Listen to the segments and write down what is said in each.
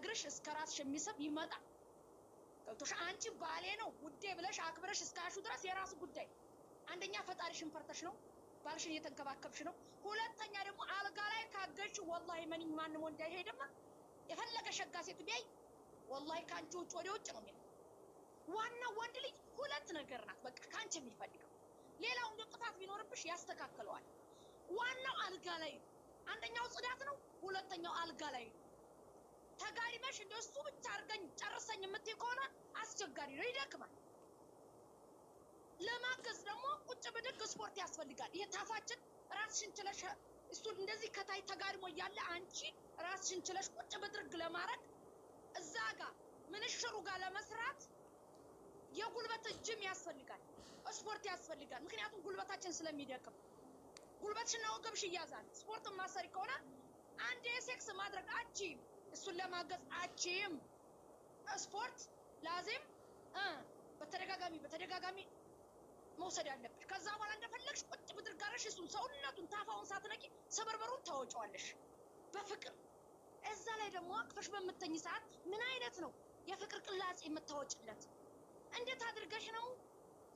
ከእግርሽ እስከ ራስሽ የሚስብ ይመጣል። ገብቶሽ አንቺ ባሌ ነው ውዴ ብለሽ አክብረሽ እስካሹ ድረስ የራሱ ጉዳይ። አንደኛ ፈጣሪሽን ፈርተሽ ነው፣ ባልሽን እየተንከባከብሽ ነው። ሁለተኛ ደግሞ አልጋ ላይ ካገች ወላሂ መኒኝ ማንም ወንድ አይሄድማ። የፈለገ ሸጋ ሴት ቢያይ ወላሂ ከአንቺ ውጭ ወደ ውጭ ነው የሚለው። ዋናው ወንድ ልጅ ሁለት ነገር ናት በቃ ከአንቺ የሚፈልገው። ሌላው እንደ ጥፋት ቢኖርብሽ ያስተካክለዋል። ዋናው አልጋ ላይ አንደኛው ጽዳት ነው፣ ሁለተኛው አልጋ ላይ ነው። ተጋሪመሽ እንደ እሱ ብቻ አድርገኝ ጨርሰኝ የምትይ ከሆነ አስቸጋሪ ነው፣ ይደክማል። ለማገዝ ደግሞ ቁጭ ብድግ ስፖርት ያስፈልጋል። ይሄ ታፋችን ራስሽን ችለሽ እሱ እንደዚህ ከታይ ተጋድሞ እያለ አንቺ ራስሽን ችለሽ ቁጭ ብድርግ ለማድረግ እዛ ጋር ምንሽሩ ጋር ለመስራት የጉልበት ጅም ያስፈልጋል፣ ስፖርት ያስፈልጋል። ምክንያቱም ጉልበታችን ስለሚደክም ጉልበትሽና ወገብሽ እያዛል። ስፖርት ማሰሪ ከሆነ አንድ የሴክስ ማድረግ አቺ እሱን ለማገዝ አችም ስፖርት ላዚም በተደጋጋሚ በተደጋጋሚ መውሰድ አለብሽ። ከዛ በኋላ እንደፈለግሽ ቁጭ ብድር ጋረሽ እሱን ሰውነቱን ታፋውን ሳትነቂ ሰበርበሩን ታወጫዋለሽ በፍቅር እዛ ላይ ደግሞ አቅፈሽ በምተኝ ሰዓት ምን አይነት ነው የፍቅር ቅላጼ የምታወጭለት? እንዴት አድርገሽ ነው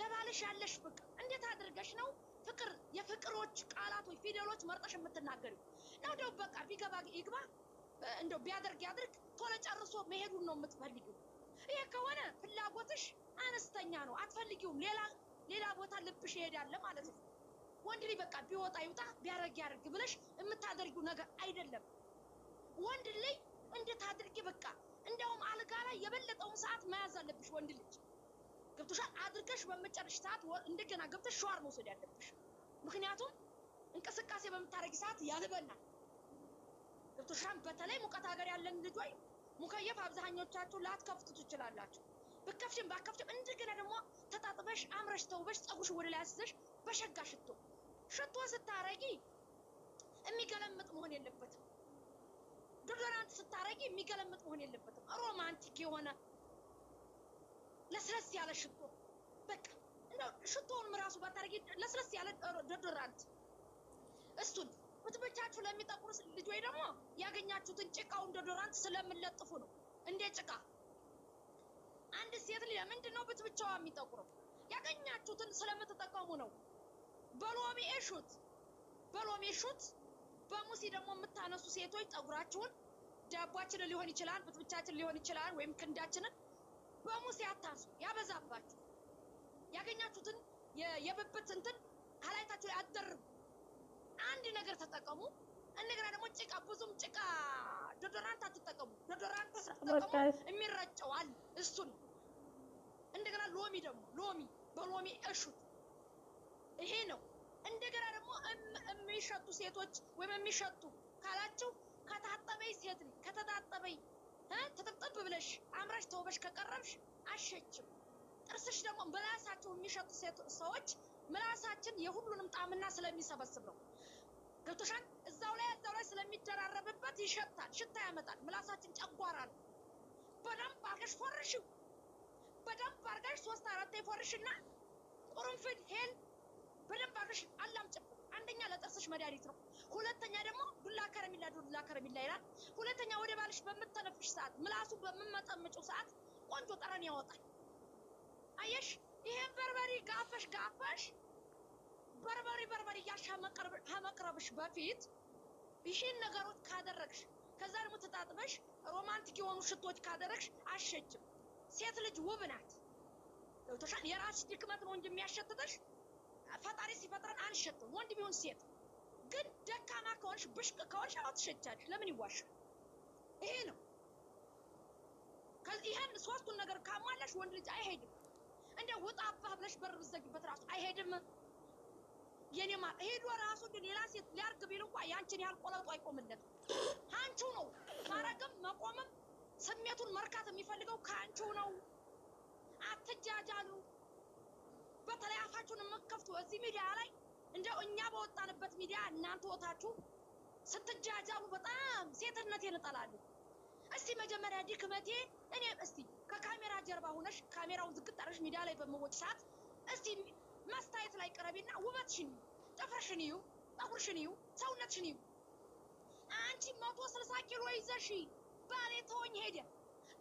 ለባልሽ ያለሽ ፍቅር? እንዴት አድርገሽ ነው ፍቅር የፍቅሮች ቃላቶች ፊደሎች መርጠሽ የምትናገሪው? ነው ደው በቃ ቢገባ ይግባ እንደው ቢያደርግ ያድርግ ቶሎ ጨርሶ መሄዱን ነው የምትፈልጊው። ይሄ ከሆነ ፍላጎትሽ አነስተኛ ነው፣ አትፈልጊውም። ሌላ ሌላ ቦታ ልብሽ ይሄዳል ማለት ነው። ወንድ ልጅ በቃ ቢወጣ ይውጣ ቢያደርግ ያድርግ ብለሽ የምታደርጊው ነገር አይደለም። ወንድ ልጅ እንዴት አድርጊ በቃ እንደውም አልጋ ላይ የበለጠውን ሰዓት መያዝ አለብሽ። ወንድ ልጅ ገብቶሻል። አድርገሽ በመጨረሽ ሰዓት እንደገና ገብተሽ ሸዋር መውሰድ ያለብሽ፣ ምክንያቱም እንቅስቃሴ በምታደርጊ ሰዓት ያልበናል። ገብቶሻል። በተለይ ሙቀት ሀገር ያለን ልጆች ሙከየፍ አብዛኞቻችሁ ላትከፍቱ ትችላላችሁ። ብከፍሽም ባከፍሽም እንደገና ደግሞ ተጣጥበሽ አምረሽ ተውበሽ ፀጉርሽ ወደ ላይ አስዘሽ በሸጋ ሽቶ ሽቶ ስታረጊ የሚገለምጥ መሆን የለበትም። ዶዶራንት ስታረጊ የሚገለምጥ መሆን የለበትም። ሮማንቲክ የሆነ ለስለስ ያለ ሽቶ በቃ እንደው ሽቶውንም ራሱ ባታረጊ ለስለስ ያለ ዶዶራንት ፊታችሁ ለሚጠቁር ልጆች ደግሞ ያገኛችሁትን ጭቃው እንደ ዶራንት ስለምለጥፉ ነው። እንደ ጭቃ አንድ ሴት ልጅ ለምንድን ነው ብትብቻዋ የሚጠቁረው? ያገኛችሁትን ስለምትጠቀሙ ነው። በሎሚ እሹት፣ በሎሚ እሹት። በሙሲ ደግሞ የምታነሱ ሴቶች ጠጉራችሁን፣ ዳቧችን ሊሆን ይችላል፣ ብትብቻችን ሊሆን ይችላል፣ ወይም ክንዳችንን በሙሲ አታንሱ፣ ያበዛባችሁ። ያገኛችሁትን የብብት እንትን ከላይታችሁ ላይ አትደርቡ። አንድ ነገር ተጠቀሙ። እንደገና ደግሞ ጭቃ ብዙም ጭቃ ዶዶራንት አትጠቀሙ። ዶዶራንት ስትጠቀሙ የሚረጨው አለ እሱን። እንደገና ሎሚ ደግሞ ሎሚ በሎሚ እሹት። ይሄ ነው። እንደገና ደግሞ የሚሸጡ ሴቶች ወይም የሚሸጡ ካላቸው ከታጠበይ ሴት ነኝ ከተታጠበይ ትጥብጥብ ብለሽ አምረሽ ተውበሽ ከቀረብሽ አሸችም። ጥርስሽ ደግሞ ምላሳቸው የሚሸጡ ሰዎች ምላሳችን የሁሉንም ጣምና ስለሚሰበስብ ነው። ገብቶሻል። እዛው ላይ እዛው ላይ ስለሚደራረብበት ይሸታል፣ ሽታ ያመጣል። ምላሳችን ጨጓራ ነው። በደንብ አርገሽ ፎርሽው፣ በደንብ አርገሽ ሶስት አራት የፎርሽና ቁርንፍድ ሄል በደንብ አርገሽ አላምጭበት። አንደኛ ለጥርስሽ መድኃኒት ነው። ሁለተኛ ደግሞ ዱላ ከረሚላ ዱላ ከረሚላ ይላል። ሁለተኛ ወደ ባልሽ በምተነፍሽ ሰዓት፣ ምላሱ በምመጠምጪው ሰዓት ቆንጆ ጠረን ያወጣል። አየሽ፣ ይሄን በርበሬ ጋፈሽ ጋፈሽ በርበሬ በርበሬ እያልሽ ከመቅረብሽ በፊት ይህን ነገሮች ካደረግሽ ከዛ ደግሞ ተጣጥበሽ ሮማንቲክ የሆኑ ሽቶች ካደረግሽ አሸችም። ሴት ልጅ ውብ ናት። ገብቶሻል። የራስሽ ድክመት ነው እንጂ የሚያሸትተሽ ፈጣሪ ሲፈጥረን አንሸትም። ወንድ ቢሆን ሴት ግን ደካማ ከሆንሽ ብሽቅ ከሆንሽ አዎ ትሸቻለሽ። ለምን ይዋሻል? ይሄ ነው። ይህን ሶስቱን ነገር ካሟላሽ ወንድ ልጅ አይሄድም። እንደ ውጣ አባ ብለሽ በር ብዘጊበት ራሱ አይሄድም። የኔ ማር ሄዶ ራሱ ሌላ ሴት ሊያርግ ቢል እንኳ ያንቺን ያህል ቆለጡ አይቆምለት። አንቺ ነው ማረግም መቆምም ስሜቱን መርካት የሚፈልገው ከአንቺ ነው። አትጃጃሉ። በተለይ አፋችሁን የምከፍቱ እዚህ ሚዲያ ላይ እንደው እኛ በወጣንበት ሚዲያ እናንተ ወታችሁ ስትጃጃሉ በጣም ሴትነቴን እጠላለሁ። እስቲ መጀመሪያ ድክመቴ እኔ እስቲ ከካሜራ ጀርባ ሆነሽ ካሜራውን ዝግት ሚዲያ ላይ በመወጭ ሰዓት እስቲ መስታየት ላይ ቅረቢና ውበትሽን ጥፍርሽን እዩ፣ ፀጉርሽን እዩ፣ ሰውነትሽን እዩ። አንቺ መቶ ስልሳ ኪሎ ይዘሽ ባሌ ተወኝ ሄደ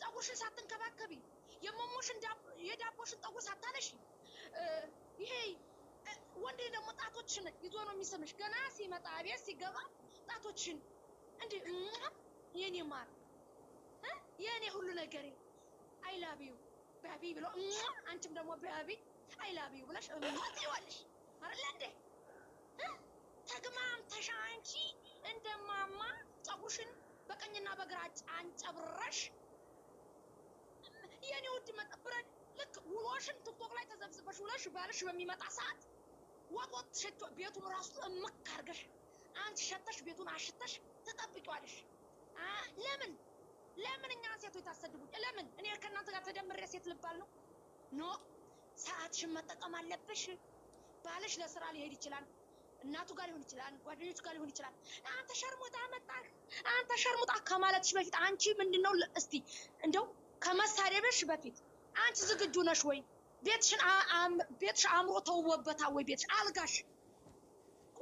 ጠጉርሽን ሳትንከባከቢ የሞሞሽን የዳቦሽን ጠጉር ሳታለሽ ይሄ ወንድ ደግሞ ጣቶችን ይዞ ነው የሚስምሽ። ገና ሲመጣ ቤት ሲገባ ጣቶችን እንዲ የኔ ማር የኔ ሁሉ ነገሬ አይላቢው ባቢ ብሎ አንቺም ደግሞ ባቢ አይላቢው ብለሽ ትዋለሽ አይደለ እንዴ? ተግማምተሽ አንቺ እንደማማ ጸጉሽን በቀኝና በግራ አንጨብረሽ የኔ ውድ መጠብረን ልክ ውሎሽን ቲክቶክ ላይ ተዘብዝበሽ ውለሽ ባልሽ በሚመጣ ሰዓት ወጦት ሸቶ ቤቱን ራሱ እምቅ አድርገሽ አንቺ ሸተሽ ቤቱን አሽተሽ ትጠብቂዋለሽ። ለምን ለምን እኛ ሴቶች ታሰድቡኝ? ለምን እኔ ከእናንተ ጋር ተደምሬ ሴት ልባል ነው ኖ ሰዓትሽን መጠቀም አለብሽ። ባልሽ ለስራ ሊሄድ ይችላል፣ እናቱ ጋር ሊሆን ይችላል፣ ጓደኞቹ ጋር ሊሆን ይችላል። አንተ ሸርሙጣ መጣህ፣ አንተ ሸርሙጣ ከማለትሽ በፊት አንቺ ምንድን ነው እስቲ እንደው ከመሳደብሽ በፊት አንቺ ዝግጁ ነሽ ወይ? ቤትሽን ቤትሽ አእምሮ ተውቦበታ ወይ? ቤትሽ አልጋሽ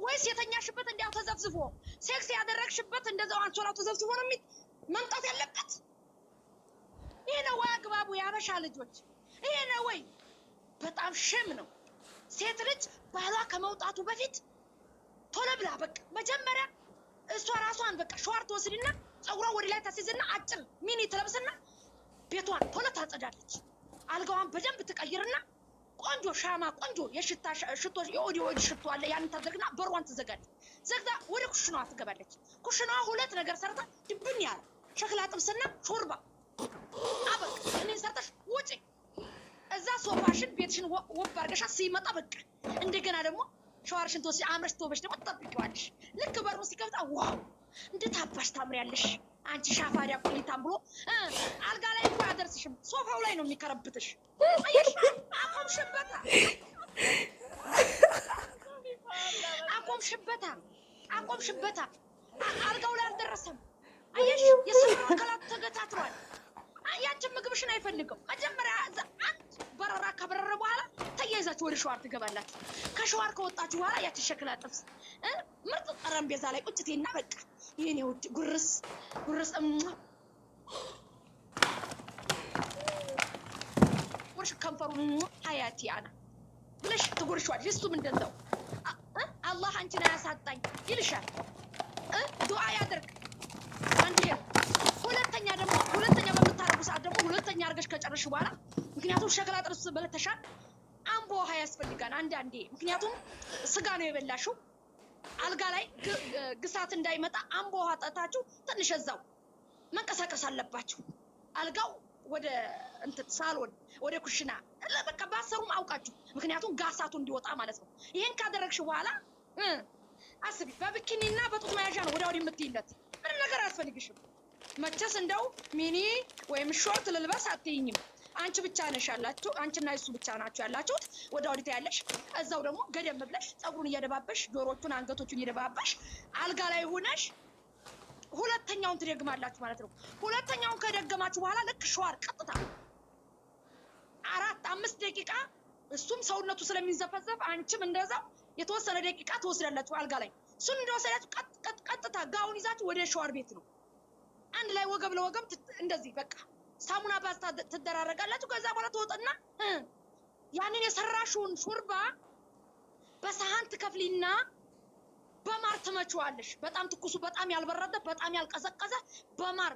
ወይስ የተኛሽበት እንዲያው ተዘፍዝፎ ሴክስ ያደረግሽበት እንደዛው አንሶላው ተዘፍዝፎ ነው መምጣት ያለበት? ይሄ ነው ወይ አግባቡ? ያበሻ ልጆች ይሄ ነው ወይ? በጣም ሸም ነው። ሴት ልጅ ባህሏ ከመውጣቱ በፊት ቶሎ ብላ በቃ መጀመሪያ እሷ ራሷን በቃ ሸዋር ትወስድና ፀጉሯ ወደ ላይ ታስይዝና አጭር ሚኒ ትለብስና ቤቷን ቶሎ ታጸዳለች። አልጋዋን በደንብ ትቀይርና ቆንጆ ሻማ ቆንጆ የሽታ ሽቶ የኦዲ ኦዲ ሽቶ አለ ያንን ታደርግና በሯን ትዘጋለች። ዘግታ ወደ ኩሽናዋ ትገባለች። ኩሽናዋ ሁለት ነገር ሰርታ ድብን ያለ ሸክላ ጥብስና ሾርባ አበቅ እኔን ሰርተሽ ውጪ እዛ ሶፋሽን ቤትሽን ወብ አድርገሻ ሲመጣ በቃ እንደገና ደግሞ ሸዋርሽን ተወስጂ አምረሽ ተወበሽ ደግሞ ትጠብቂዋለሽ። ልክ በሩ ሲከፍታ ዋው እንዴት አባሽ ታምሪያለሽ አንቺ ሻፋሪያ ቁሊታም ብሎ አልጋ ላይ እኮ አደርስሽም ሶፋው ላይ ነው የሚከረብትሽ። አቆምሽበታ አቆምሽበታ አቆምሽበታ አልጋው ላይ አልደረሰም። አየሽ፣ የስራ አካላት ተገታትሯል። ያንቺን ምግብሽን አይፈልግም መጀመሪያ ይዛችሁ ወደ ሸዋር ትገባላችሁ። ከሸዋር ከወጣችሁ በኋላ ያቺ ሸክላ ጥብስ ምርጥ ጠረጴዛ ላይ ቁጭቴና በቃ ይህን ውድ ጉርስ ጉርስ ጉርሽ ከንፈሩ ሀያት ያና ብለሽ ትጉርሸዋለሽ። እሱም እንደዛው አላህ አንቺን አያሳጣኝ ይልሻል። ዱዓ ያደርግ አንድ ሁለተኛ ደግሞ ሁለተኛ በምታረጉ ሰዓት ደግሞ ሁለተኛ አድርገሽ ከጨረሽ በኋላ ምክንያቱም ሸክላ ጥርስ በለተሻል በጣም በውሃ ያስፈልጋል አንዳንዴ። ምክንያቱም ስጋ ነው የበላሽው አልጋ ላይ ግሳት እንዳይመጣ አምቦ ውሃ ጠታችሁ ትንሽ እዛው መንቀሳቀስ አለባችሁ። አልጋው ወደ እንትን ሳሎን ወደ ኩሽና በቃ ባሰሩም አውቃችሁ፣ ምክንያቱም ጋሳቱ እንዲወጣ ማለት ነው። ይህን ካደረግሽ በኋላ አስቢ። በብኪኒ እና በጡት መያዣ ነው ወደ ወዲህ የምትይለት። ምንም ነገር አያስፈልግሽም መቼስ። እንደው ሚኒ ወይም ሾርት ልልበስ አትይኝም አንቺ ብቻ ነሽ ያላችሁ፣ አንቺና እሱ ብቻ ናችሁ ያላችሁት። ወደ አውዲት ያለሽ እዛው ደግሞ ገደም ብለሽ ፀጉሩን እየደባበሽ ጆሮቹን፣ አንገቶቹን እየደባበሽ አልጋ ላይ ሆነሽ ሁለተኛውን ትደግማላችሁ ማለት ነው። ሁለተኛውን ከደገማችሁ በኋላ ልክ ሸዋር ቀጥታ አራት አምስት ደቂቃ እሱም ሰውነቱ ስለሚንዘፈዘፍ አንቺም እንደዛው የተወሰነ ደቂቃ ትወስዳላችሁ አልጋ ላይ። እሱን እንደወሰዳችሁ ቀጥታ ጋውን ይዛችሁ ወደ ሸዋር ቤት ነው አንድ ላይ ወገብ ለወገብ እንደዚህ በቃ ሳሙና ፓስታ ትደራረጋላችሁ። ከዛ በኋላ ትወጥና ያንን የሰራሽውን ሾርባ በሰሃን ትከፍሊና በማር ትመችዋለሽ። በጣም ትኩሱ፣ በጣም ያልበረደ፣ በጣም ያልቀዘቀዘ በማር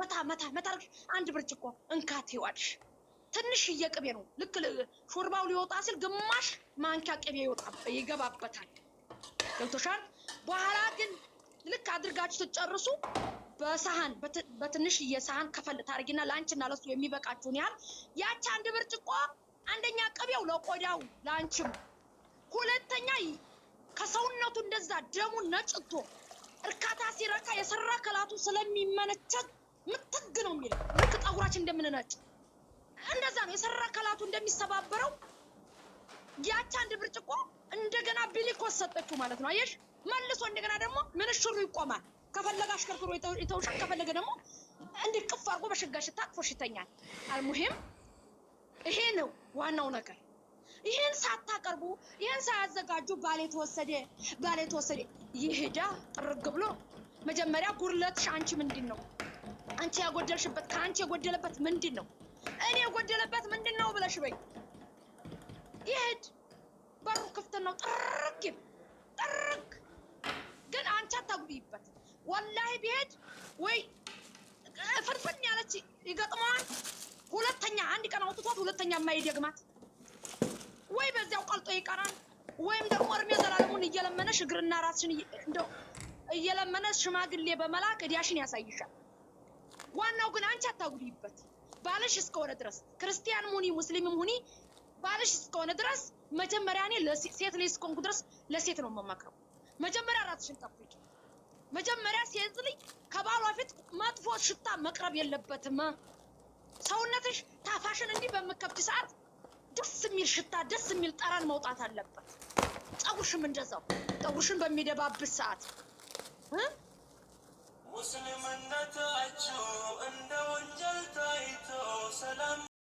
መታ መታ መታ አንድ ብርጭቆ እንካት ይዋልሽ። ትንሽ ቅቤ ነው። ልክ ሾርባው ሊወጣ ሲል ግማሽ ማንኪያ ቅቤ ይገባበታል። ገብቶሻል። በኋላ ግን ልክ አድርጋችሁ ትጨርሱ። በሳህን በትንሽ የሳህን ከፈል ታርጊና ለአንቺና ለሱ የሚበቃችሁን ያህል ያቺ አንድ ብርጭቆ አንደኛ ቅቤው ለቆዳው ለአንቺም፣ ሁለተኛ ከሰውነቱ እንደዛ ደሙ ነጭቶ እርካታ ሲረካ የሰራ ከላቱ ስለሚመነቸት ምትግ ነው የሚለው። ልክ ጠጉራችን እንደምንነጭ እንደዛ ነው የሰራ ከላቱ እንደሚሰባበረው ያቺ አንድ ብርጭቆ እንደገና ቢሊኮስ ሰጠችው ማለት ነው። አየሽ መልሶ እንደገና ደግሞ ምንሽሩ ይቆማል። ከፈለገ አሽከርክሮ የተውሻል፣ ከፈለገ ደግሞ እንዲህ ቅፍ አድርጎ በሽጋሽ ታቅፎሽ ይተኛል። አልሙሂም ይሄ ነው ዋናው ነገር። ይህን ሳታቀርቡ ይህን ሳያዘጋጁ ባሌ ተወሰደ ባሌ ተወሰደ ይሄዳ ጥርግ ብሎ መጀመሪያ ጉድለትሽ አንቺ ምንድን ነው? አንቺ ያጎደልሽበት ከአንቺ የጎደለበት ምንድን ነው? እኔ የጎደለበት ምንድን ነው ብለሽ በይ። ይሄድ በሩ ክፍት ነው። ጥርግ ጥርግ ግን አንቺ አታጉብይበት። ወላሂ ቢሄድ ወይ ፍርፍን ያለች ይገጥመዋል። ሁለተኛ አንድ ቀን አውጥቷት ሁለተኛ የማይደግማት ወይ በዚያው ቀልጦ ይቀራል። ወይም ደግሞ እድሜ ዘላለሙን እየለመነሽ እግርና ራስሽን እንደው እየለመነሽ ሽማግሌ በመላክ እዳሽን ያሳይሻል። ዋናው ግን አንቺ አታጉድይበት። ባልሽ እስከሆነ ድረስ ክርስቲያንም ሁኒ ሙስሊምም ሁኒ ባልሽ እስከሆነ ድረስ መጀመሪያ እኔ ሴት ላይ እስከሆንኩ ድረስ ለሴት ነው የምመክረው። መጀመሪያ ራስሽን ጠብቂ። መጀመሪያ ሴት ልጅ ከባሏ ፊት መጥፎ ሽታ መቅረብ የለበትም። ሰውነትሽ ታፋሽን እንዲህ በምከብች ሰዓት ደስ የሚል ሽታ፣ ደስ የሚል ጠረን መውጣት አለበት። ፀጉርሽም እንደዛው ፀጉርሽን በሚደባብስ ሰዓት ሙስልምነታችሁ እንደ ወንጀል ታይቶ ሰላም